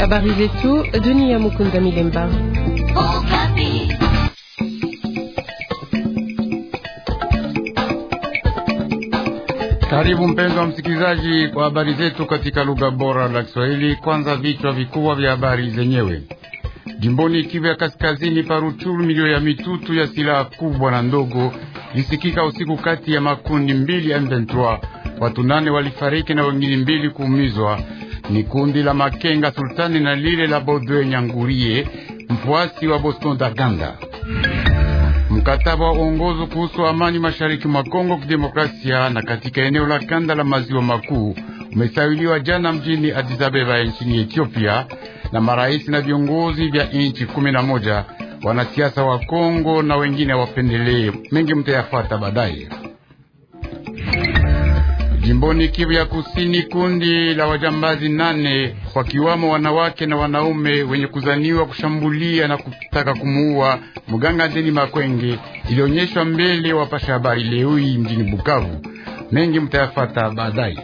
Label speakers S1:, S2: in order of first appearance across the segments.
S1: Habari zetu dunia, Mukunda Milemba.
S2: Karibu msikilizaji kwa habari zetu katika lugha bora la Kiswahili. Kwanza vichwa vikubwa vya habari zenyewe. Jimboni Kivu ya Kaskazini, Paruchuru, milio ya mitutu ya silaha kubwa na ndogo lisikika usiku kati ya makundi mbili M23. Watu nane walifariki na wengine mbili kuumizwa ni kundi la Makenga Sultani na lile la Bodwe Nyangurie, mfuasi wa Boston Daganda. Mkataba wa uongozo kuhusu amani mashariki mwa Kongo Kidemokrasia na katika eneo la kanda la maziwa makuu umesawiliwa jana mjini Addis Ababa ya nchini Ethiopia na marais na viongozi vya nchi kumi na moja wanasiasa wa Kongo na wengine wapendelee. Mengi mtayafuata baadaye. Jimboni Kivu ya Kusini, kundi la wajambazi nane wakiwamo wanawake na wanaume wenye kuzaniwa kushambulia na kutaka kumuua mganga Deni Makwenge ilionyeshwa mbele wapasha habari leo hii mjini Bukavu. Mengi mtayafata baadaye.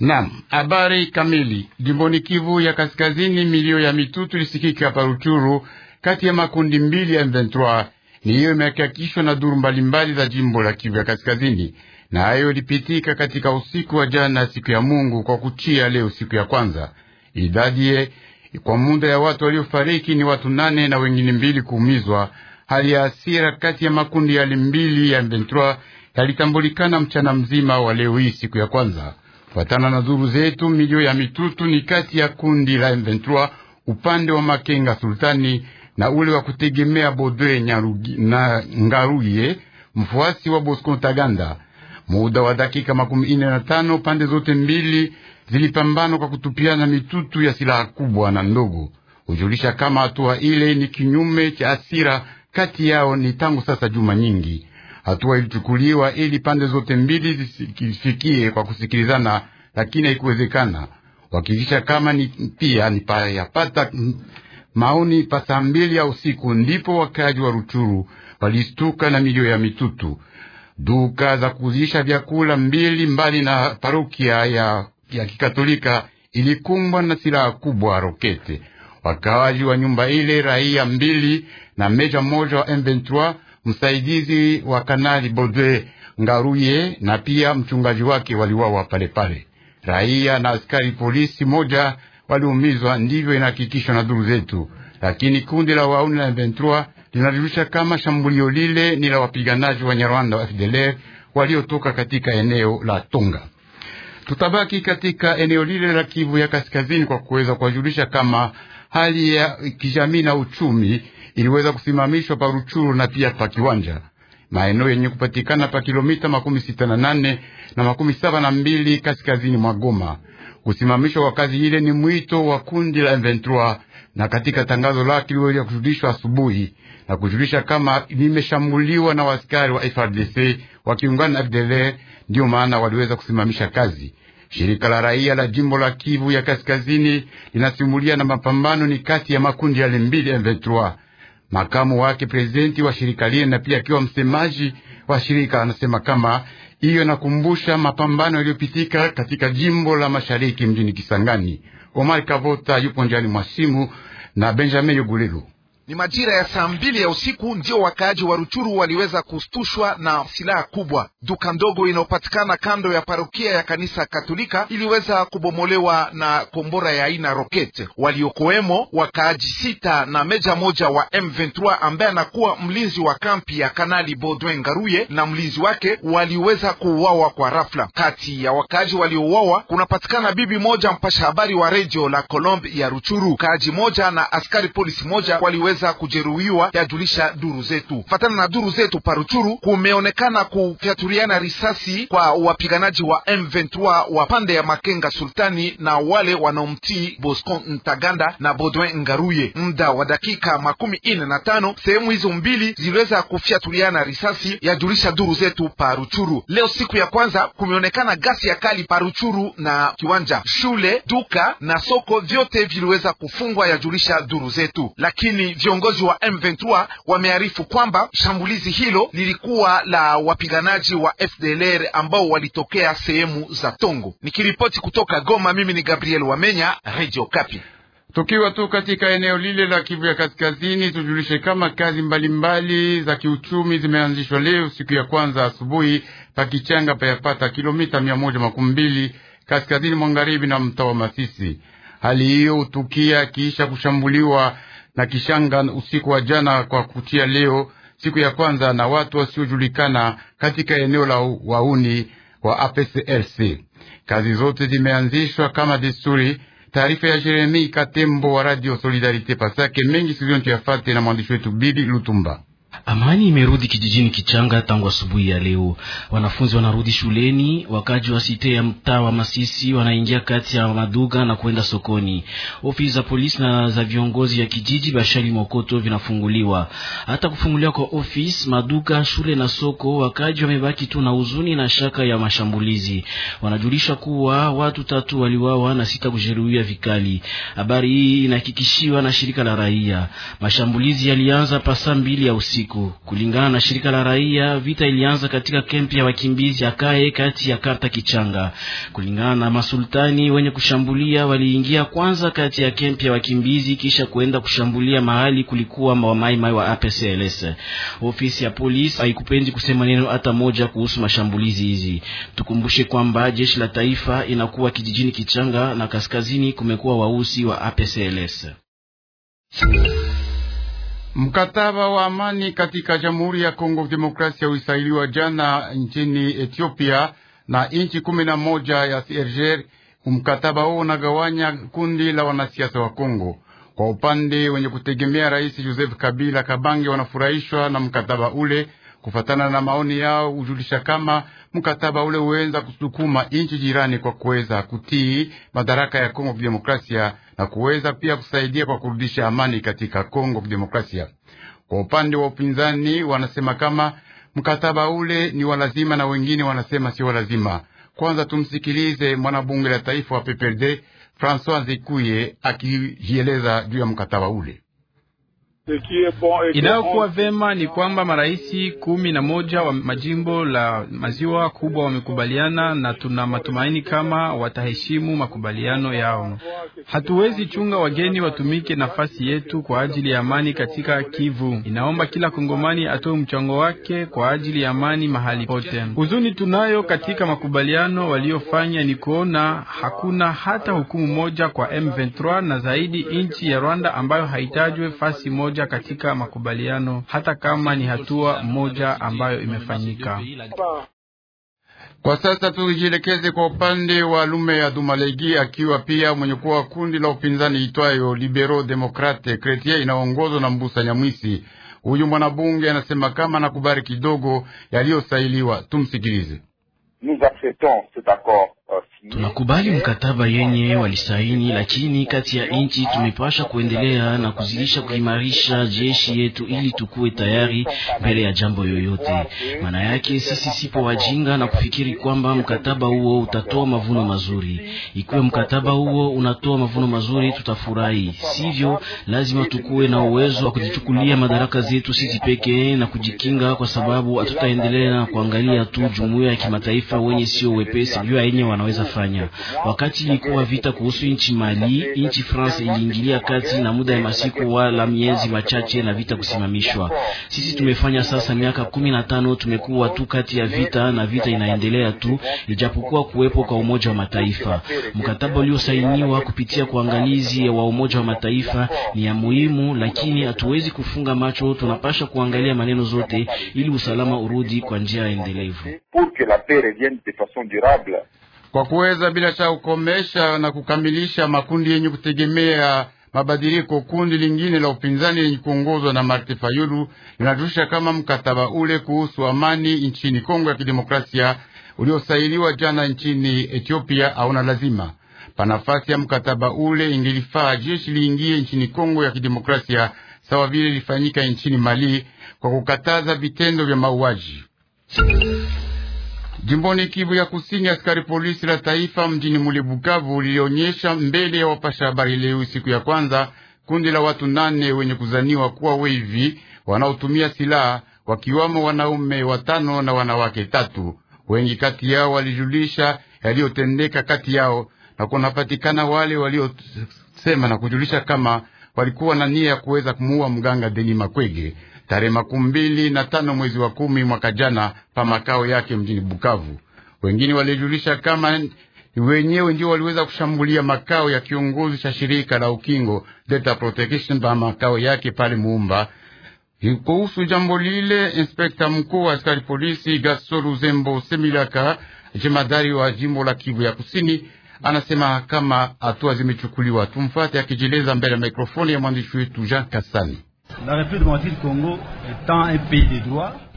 S2: Naam, habari kamili. Jimboni Kivu ya Kaskazini, milio ya mitutu ilisikika hapa Ruchuru kati ya makundi mbili ya M23 ni hiyo imehakikishwa na duru mbalimbali za jimbo la Kivu ya Kaskazini, na hayo ilipitika katika usiku wa jana siku ya Mungu kwa kuchia leo siku ya kwanza. Idadi ye kwa muda ya watu waliofariki ni watu nane na wengine mbili kuumizwa. Hali ya asira kati ya makundi yale mbili ya M23 yalitambulikana mchana mzima wa leo hii siku ya kwanza. fatana na dhuru zetu, milio ya mitutu ni kati ya kundi la M23 upande wa Makenga Sultani na ule wa kutegemea Bodwe Nyarugi na Ngaruye, mfuasi wa Bosco Ntaganda. Muda wa dakika makumi ine na tano pande zote mbili zilipambana kwa kutupiana mitutu ya silaha kubwa na ndogo. Hujulisha kama hatua ile ni kinyume cha asira kati yao ni tangu sasa juma nyingi. Hatua ilichukuliwa ili pande zote mbili zisikie kwa kusikilizana, lakini haikuwezekana, wakilisha kama ni pia ni yapata maoni pa saa mbili ya usiku, ndipo wakaji wa Ruchuru walistuka na milio ya mitutu. Duka za kuuzisha vyakula mbili mbali na parokia ya, ya kikatolika ilikumbwa na silaha kubwa rokete. wakaaji wa nyumba ile, raia mbili na meja mmoja wa M23, msaidizi wa kanali Bodwe Ngaruye na pia mchungaji wake waliwawa palepale. Raia na askari polisi moja waliumizwa, ndivyo inahakikishwa na duru zetu. Lakini kundi la wauni la M23 linajulisha kama shambulio lile ni la wapiganaji wa Nyarwanda wa FDLR waliotoka katika eneo la Tonga. Tutabaki katika eneo lile la Kivu ya Kaskazini kwa kuweza kuwajulisha kama hali ya kijamii na uchumi iliweza kusimamishwa pa Ruchuru na pia pa Kiwanja, maeneo yenye kupatikana pa kilomita makumi sita na nane na makumi saba na mbili kaskazini mwa Goma. Kusimamishwa kwa kazi ile ni mwito wa kundi la M23, na katika tangazo lake liweza kujulishwa asubuhi na kujulisha kama limeshambuliwa na wasikari wa FRDC wakiungana na FDLR, ndiyo maana waliweza kusimamisha kazi. Shirika la raia la jimbo la Kivu ya kaskazini linasimulia na mapambano ni kati ya makundi yale mbili M23. Makamu wake prezidenti wa shirika lile na pia akiwa msemaji wa shirika anasema kama hiyo inakumbusha mapambano yaliyopitika katika jimbo la mashariki mjini Kisangani. Omar Kavota yupo njiani mwa simu na Benjamin Yugulelu.
S3: Ni majira ya saa mbili ya usiku ndio wakaaji wa Ruchuru waliweza kustushwa na silaha kubwa. Duka ndogo inayopatikana kando ya parokia ya kanisa Katolika iliweza kubomolewa na kombora ya aina rokete. Waliokuwemo wakaaji sita na meja moja wa M23 ambaye anakuwa mlinzi wa kampi ya Kanali Baudouin Ngaruye na mlinzi wake waliweza kuuawa kwa rafla. Kati ya wakaaji waliouawa kunapatikana bibi moja, mpasha habari wa redio la Colombe ya Ruchuru. Kaaji moja na askari polisi moja waliweza kuweza kujeruhiwa, yajulisha duru zetu. Fatana na duru zetu, paruchuru kumeonekana kufyaturiana risasi kwa wapiganaji wa M23 wa pande ya Makenga Sultani na wale wanaomtii Bosco Ntaganda na Baudouin Ngaruye. Muda wa dakika makumi ine na tano sehemu hizo mbili ziliweza kufyaturiana risasi, yajulisha duru zetu paruchuru. Leo siku ya kwanza kumeonekana gasi ya kali paruchuru na kiwanja shule, duka na soko vyote viliweza kufungwa, yajulisha duru zetu lakini viongozi wa M23 wamearifu kwamba shambulizi hilo lilikuwa la wapiganaji wa FDLR ambao walitokea sehemu za Tongo. Nikiripoti kutoka Goma, mimi ni Gabriel Wamenya, Radio Kapi.
S2: Tukiwa tu katika eneo lile la Kivu ya Kaskazini, tujulishe kama kazi mbalimbali mbali za kiuchumi zimeanzishwa leo siku ya kwanza asubuhi pakichanga payapata kilomita mia moja makumi mbili kaskazini magharibi na mtaa wa Masisi. Hali hiyo hutukia kisha kushambuliwa na Kishanga usiku wa jana kwa kutia leo siku ya kwanza na watu wasiojulikana katika eneo la wauni wa APCLC. Kazi zote zimeanzishwa kama desturi. Taarifa ya Jeremi Katembo wa Radio Solidarite Pasake mengi sizontu yafate na mwandishi wetu Bili Lutumba.
S1: Amani imerudi kijijini Kichanga tangu asubuhi ya leo. Wanafunzi wanarudi shuleni, wakaji wa site ya mtaa wa Masisi wanaingia kati ya maduga na kwenda sokoni. Ofisi za polisi na za viongozi ya kijiji Bashali Mokoto vinafunguliwa. Hata kufunguliwa kwa ofisi, maduga shule na soko, wakaji wamebaki tu na huzuni na shaka ya mashambulizi. Wanajulisha kuwa watu tatu waliwawa na sita kujeruhiwa vikali. Habari hii inahakikishiwa na shirika la raia. Mashambulizi yalianza pasaa mbili ya usiku siku. Kulingana na shirika la raia, vita ilianza katika kempi ya wakimbizi ya Kae kati ya Karta Kichanga. Kulingana na masultani wenye kushambulia, waliingia kwanza kati ya kempi ya wakimbizi kisha kuenda kushambulia mahali kulikuwa wamaimai wa APCLS. Ofisi ya polisi haikupendi kusema neno hata moja kuhusu mashambulizi hizi. Tukumbushe kwamba jeshi la taifa inakuwa kijijini Kichanga na kaskazini kumekuwa wausi wa APCLS. Mkataba wa amani katika
S2: Jamhuri ya Kongo Demokrasia ulisailiwa jana nchini Ethiopia na nchi kumi na moja ya CIRGL. Mkataba huo unagawanya kundi la wanasiasa wa Kongo. Kwa upande wenye kutegemea Rais Joseph Kabila Kabange wanafurahishwa na mkataba ule Kufatana na maoni yao, hujulisha kama mkataba ule huenza kusukuma nchi jirani kwa kuweza kutii madaraka ya Kongo Kidemokrasia na kuweza pia kusaidia kwa kurudisha amani katika Kongo Kidemokrasia. Kwa upande wa upinzani, wanasema kama mkataba ule ni walazima na wengine wanasema sio walazima. Kwanza tumsikilize mwanabunge la taifa wa PPRD Francois Zikuye akijieleza juu ya mkataba ule.
S3: Inayokuwa vema ni
S2: kwamba maraisi kumi na moja wa majimbo la maziwa kubwa wamekubaliana, na tuna matumaini kama wataheshimu makubaliano yao. Hatuwezi chunga wageni watumike nafasi yetu kwa ajili ya amani katika Kivu. Inaomba kila Kongomani atoe mchango wake kwa ajili ya amani mahali pote. Huzuni tunayo katika makubaliano waliofanya ni kuona hakuna hata hukumu moja kwa M23 na zaidi nchi ya Rwanda ambayo haitajwe fasi moja pamoja katika makubaliano, hata kama ni hatua moja ambayo imefanyika. Kwa sasa tujielekeze kwa upande wa Lume ya Dumalegi, akiwa pia mwenye kuwa kundi la upinzani itwayo Libero Demokrate Kretien inaongozwa na Mbusa Nyamwisi. Huyu mwanabunge anasema kama nakubali kidogo yaliyosailiwa. Tumsikilize.
S3: Nous acceptons cet accord
S1: Tunakubali mkataba yenye walisaini, lakini kati ya nchi tumepasha kuendelea na kuzidisha kuimarisha jeshi yetu ili tukuwe tayari mbele ya jambo yoyote. Maana yake sisi sipo wajinga na kufikiri kwamba mkataba huo utatoa mavuno mazuri. Ikiwa mkataba huo unatoa mavuno mazuri, tutafurahi. Sivyo, lazima tukuwe na uwezo wa kujichukulia madaraka zetu sisi pekee na kujikinga, kwa sababu hatutaendelea na kuangalia tu jumuiya ya kimataifa wenye sio wepesi juu yenye wanaweza fanya. Wakati ilikuwa vita kuhusu nchi Mali, nchi France iliingilia kati na muda ya masiku wala miezi machache na vita kusimamishwa. Sisi tumefanya sasa miaka kumi na tano tumekuwa tu kati ya vita na vita inaendelea tu, ijapokuwa kuwepo kwa Umoja wa Mataifa. Mkataba uliosainiwa kupitia kuangalizi wa Umoja wa Mataifa ni ya muhimu, lakini hatuwezi kufunga macho, tunapasha kuangalia maneno zote ili usalama urudi kwa njia endelevu
S2: kwa kuweza bila shaka kukomesha na kukamilisha makundi yenye kutegemea mabadiliko. Kundi lingine la upinzani lenye kuongozwa na Marti Fayulu linajulisha kama mkataba ule kuhusu amani nchini Kongo ya Kidemokrasia uliosainiwa jana nchini Ethiopia hauna lazima. Panafasi ya mkataba ule ingelifaa jeshi liingie nchini Kongo ya Kidemokrasia sawa vile lifanyika nchini Mali kwa kukataza vitendo vya mauaji. Jimboni Kivu ya Kusini, askari polisi la taifa mjini mulibukavu lilionyesha mbele ya wapasha habari leo siku ya kwanza kundi la watu nane wenye kuzaniwa kuwa wevi wanaotumia silaha wakiwamo wanaume watano na wanawake tatu. Wengi kati yao walijulisha yaliyotendeka kati yao, na kunapatikana wale waliosema na kujulisha kama walikuwa na nia ya kuweza kumuua mganga Deni Makwege tarehe makumi mbili na tano mwezi wa kumi mwaka jana pa makao yake mjini Bukavu. Wengine walijulisha kama wenyewe ndio waliweza kushambulia makao ya kiongozi cha shirika la ukingo Delta Protection pa makao yake pale Muumba. Kuhusu jambo lile, inspekta mkuu wa askari polisi Gaston Luzembo Semilaka, jemadari wa jimbo la Kivu ya Kusini, anasema kama hatua zimechukuliwa. Tumfuate akijieleza mbele ya mikrofoni ya mwandishi wetu Jean Kasani.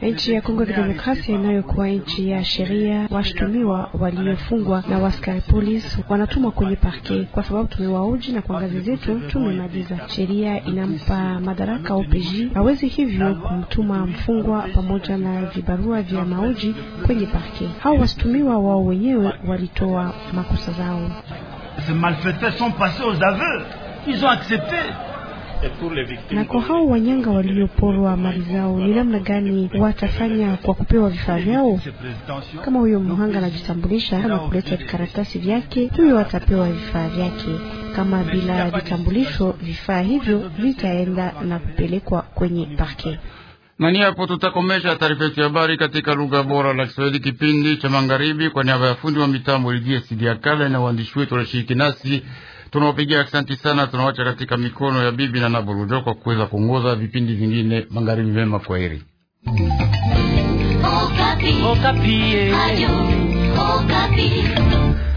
S1: Nchi ya Kongo ya Kidemokrasia inayokuwa nchi ya sheria, washtumiwa waliofungwa na waskari polisi wanatumwa kwenye parke, kwa sababu tumewaoji na kwa ngazi zetu tumemaliza. Sheria inampa madaraka opg hawezi hivyo kumtuma mfungwa pamoja na vibarua vya maoji kwenye parke. Hao washtumiwa wao wenyewe walitoa makosa zao. Ces malfaiteurs sont passés aux aveux. Ils ont accepté. Na kwa hao wanyanga walioporwa mali zao, ni namna gani watafanya kwa kupewa vifaa vyao? Kama huyo mhanga anajitambulisha na kuleta vikaratasi vyake, huyo atapewa vifaa vyake. Kama bila vitambulisho, vifaa hivyo vitaenda na kupelekwa kwenye parke.
S2: Na ni hapo tutakomesha taarifa yetu ya habari katika lugha bora la Kiswahili, kipindi cha magharibi. Kwa niaba ya fundi wa mitambo Lidia Sidiakala na waandishi wetu walioshiriki nasi tunawapigia asanti sana. Tunawacha katika mikono ya bibi na Naburujo kwa kuweza kuongoza vipindi vingine. Magharibi mema, kwa heri.
S1: Okapi. Okapi. Eh.